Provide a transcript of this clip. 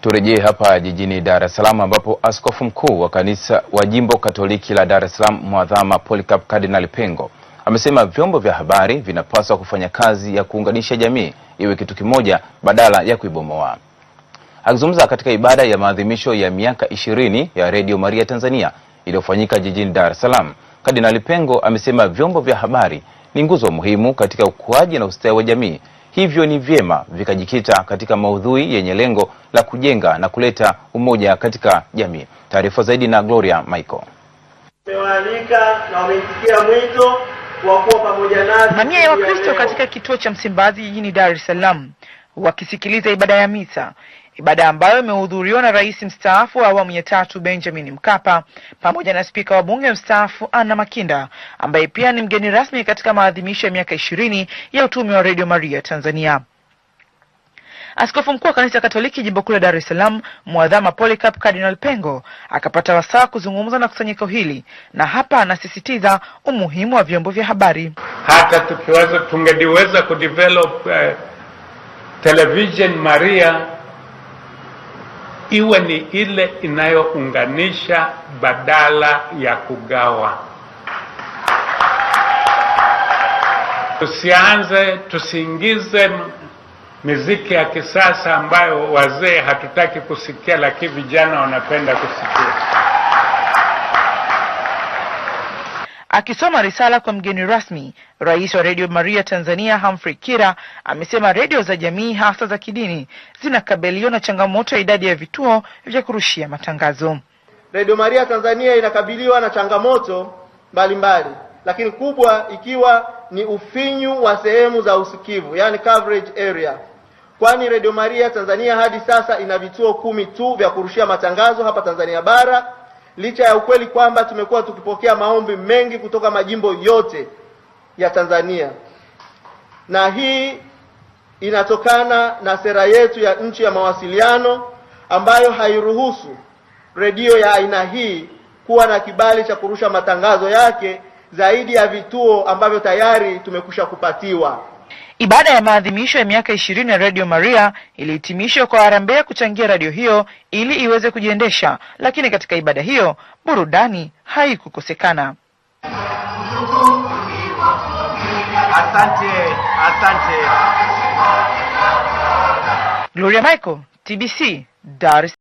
Turejee hapa jijini Dar es Salaam ambapo askofu mkuu wa kanisa wa jimbo Katoliki la Dar es Salaam Mwadhama Polycarp Cardinal Pengo amesema vyombo vya habari vinapaswa kufanya kazi ya kuunganisha jamii iwe kitu kimoja badala ya kuibomoa. Akizungumza katika ibada ya maadhimisho ya miaka ishirini ya Radio Maria Tanzania iliyofanyika jijini Dar es Salaam, Kardinali Pengo amesema vyombo vya habari ni nguzo muhimu katika ukuaji na ustawi wa jamii hivyo ni vyema vikajikita katika maudhui yenye lengo la kujenga na kuleta umoja katika jamii. Taarifa zaidi na Gloria Michael. na mwito wa kuwa pamoja nasi. Mamia ya Wakristo katika kituo cha Msimbazi jijini Dar es Salaam wakisikiliza ibada ya misa ibada ambayo imehudhuriwa na rais mstaafu wa awamu ya tatu Benjamin Mkapa pamoja na spika wa bunge mstaafu Anna Makinda ambaye pia ni mgeni rasmi katika maadhimisho ya miaka ishirini ya utume wa Radio Maria Tanzania. Askofu mkuu wa kanisa Katoliki jimbo kuu la Dar es Salaam Mwadhama Polycarp Cardinal Pengo akapata wasaa kuzungumza na kusanyiko hili, na hapa anasisitiza umuhimu wa vyombo vya habari. Hata tukiweza tungeliweza kudevelop uh, television Maria iwe ni ile inayounganisha badala ya kugawa. Tusianze, tusiingize miziki ya kisasa ambayo wazee hatutaki kusikia, lakini vijana wanapenda kusikia. Akisoma risala kwa mgeni rasmi, rais wa Redio Maria Tanzania Humphrey Kira amesema redio za jamii hasa za kidini zinakabiliwa na changamoto ya idadi ya vituo vya kurushia matangazo. Redio Maria Tanzania inakabiliwa na changamoto mbalimbali mbali, lakini kubwa ikiwa ni ufinyu wa sehemu za usikivu, yani coverage area, kwani Redio Maria Tanzania hadi sasa ina vituo kumi tu vya kurushia matangazo hapa Tanzania bara licha ya ukweli kwamba tumekuwa tukipokea maombi mengi kutoka majimbo yote ya Tanzania, na hii inatokana na sera yetu ya nchi ya mawasiliano ambayo hairuhusu redio ya aina hii kuwa na kibali cha kurusha matangazo yake zaidi ya vituo ambavyo tayari tumekusha kupatiwa. Ibada ya maadhimisho ya miaka ishirini ya Radio Maria ilihitimishwa kwa harambee kuchangia radio hiyo ili iweze kujiendesha, lakini katika ibada hiyo burudani haikukosekana. Asante, asante. Gloria Michael, TBC, Dar es